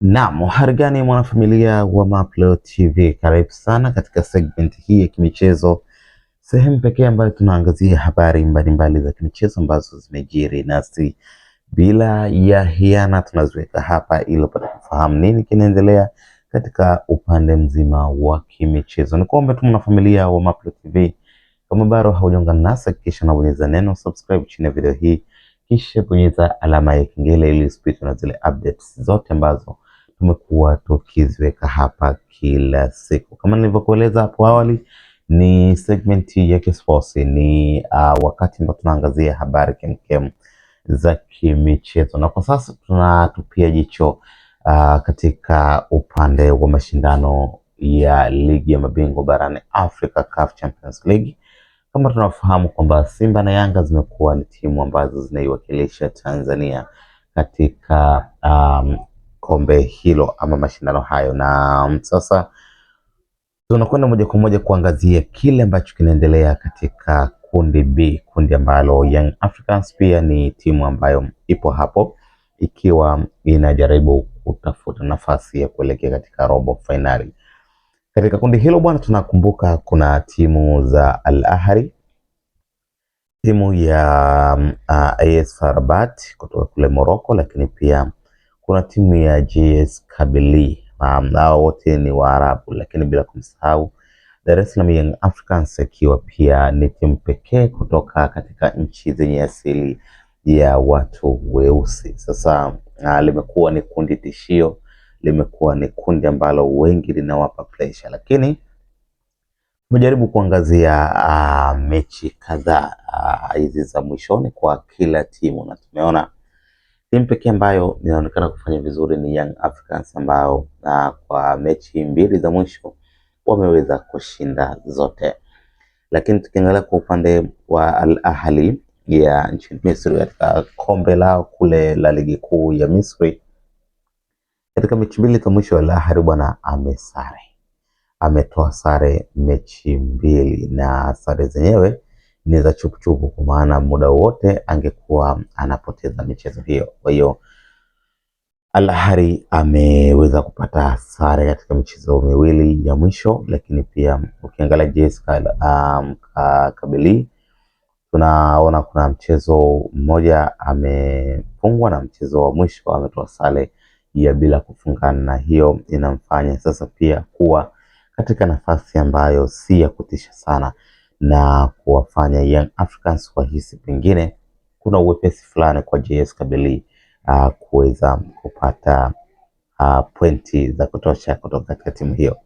Naam, harigani gani mwanafamilia wa Mapro TV, karibu sana katika segment hii ya kimichezo, sehemu pekee ambayo tunaangazia habari mbalimbali mbali za kimichezo ambazo zimejiri, nasi bila ya hiana tunaziweka hapa ili upate kufahamu nini kinaendelea katika upande mzima wa kimichezo. Ni kuombe tu mwanafamilia wa Mapro TV, kama bado haujaungana nasi, hakikisha unabonyeza neno subscribe chini ya video hii, kisha bonyeza alama ya kengele ili usipitwe na zile updates zote ambazo tumekuwa tukiziweka hapa kila siku. Kama nilivyokueleza hapo awali, ni segmenti ya kisports, ni uh, wakati ambao tunaangazia habari kemkem za kimichezo, na kwa sasa tunatupia jicho uh, katika upande wa mashindano ya ligi ya mabingwa barani Afrika CAF Champions League. Kama tunafahamu kwamba Simba na Yanga zimekuwa ni timu ambazo zinaiwakilisha Tanzania katika um, kombe hilo ama mashindano hayo, na mm, sasa tunakwenda moja kwa moja kuangazia kile ambacho kinaendelea katika kundi B, kundi ambalo Young Africans pia ni timu ambayo ipo hapo ikiwa inajaribu kutafuta nafasi ya kuelekea katika robo fainali. Katika kundi hilo bwana, tunakumbuka kuna timu za Al Ahly, timu ya uh, mm, AS FAR Rabat kutoka kule Morocco, lakini pia kuna timu ya JS Kabylie nao wote ni Waarabu, lakini bila kumsahau Dar es Salaam Young Africans ikiwa pia ni timu pekee kutoka katika nchi zenye asili ya watu weusi. Sasa ah, limekuwa ni kundi tishio, limekuwa ni kundi ambalo wengi linawapa pressure, lakini tumejaribu kuangazia uh, mechi kadhaa ah, hizi uh, za mwishoni kwa kila timu na tumeona Timu pekee ambayo inaonekana kufanya vizuri ni Young Africans ambao na kwa mechi mbili za mwisho wameweza kushinda zote, lakini tukiangalia kwa upande wa Al Ahli ya nchini Misri katika kombe lao kule la ligi kuu ya Misri, katika mechi mbili za mwisho Al Ahli bwana amesare ametoa sare mechi mbili na sare zenyewe ni za chupuchupu, kwa maana muda wote angekuwa anapoteza michezo hiyo. Kwa hiyo Al Ahly ameweza kupata sare katika michezo miwili ya mwisho, lakini pia ukiangalia JS um, Kabylie tunaona kuna mchezo mmoja amefungwa na mchezo wa mwisho ametoa sare ya bila kufungana, na hiyo inamfanya sasa pia kuwa katika nafasi ambayo si ya kutisha sana na kuwafanya Young Africans wahisi pengine kuna uwepesi fulani kwa JS Kabili uh, kuweza kupata uh, pointi za kutosha kutoka katika timu hiyo.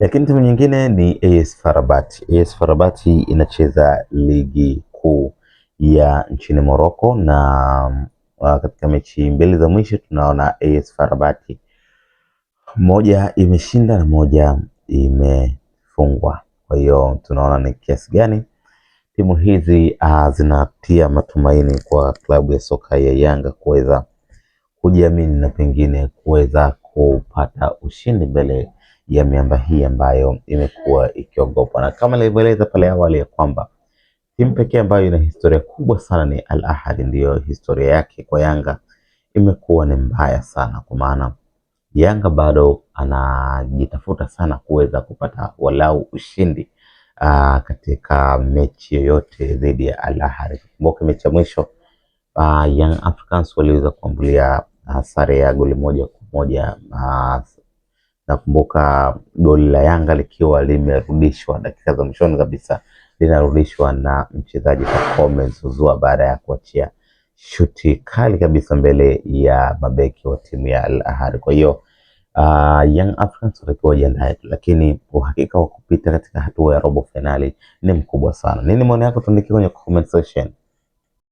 Lakini timu nyingine ni AS Farabat. AS Farabat inacheza ligi kuu ya nchini Morocco na uh, katika mechi mbili za mwisho tunaona AS Farabat moja imeshinda na moja imefungwa. Kwa hiyo tunaona ni kiasi gani timu hizi uh, zinatia matumaini kwa klabu ya soka ya Yanga kuweza kujiamini na pengine kuweza kupata ushindi mbele ya miamba hii ambayo imekuwa ikiogopwa, na kama nilivyoeleza pale awali ya kwamba timu pekee ambayo ina historia kubwa sana ni Al Ahly, ndiyo historia yake kwa Yanga imekuwa ni mbaya sana, kwa maana Yanga bado anajitafuta sana kuweza kupata walau ushindi uh, katika mechi yoyote dhidi ya Al Ahly. Kumbuka mechi ya mwisho uh, Young Africans waliweza kuambulia sare ya goli moja kwa moja. Nakumbuka goli la Yanga likiwa limerudishwa dakika za mwishoni kabisa, linarudishwa na mchezaji Pacome Zouzoua baada ya kuachia shuti kali kabisa mbele ya mabeki wa timu ya Al Ahly. Kwa hiyo uh, Young Africans watakiwa wajiandae, lakini uhakika wa kupita katika hatua ya robo finali ni mkubwa sana. Nini maoni yako? Tuandikie kwenye comment section.